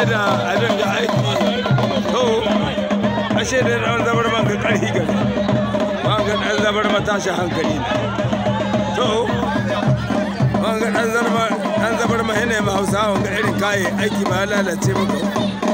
ai da abin da aiki to ashe da ɗan zabar man ga ƙarfi gari ba ga ɗan zabar matashi hankali to ban ga ɗan zabar ma ma hausawa ga irin kayan aiki ma lalace maka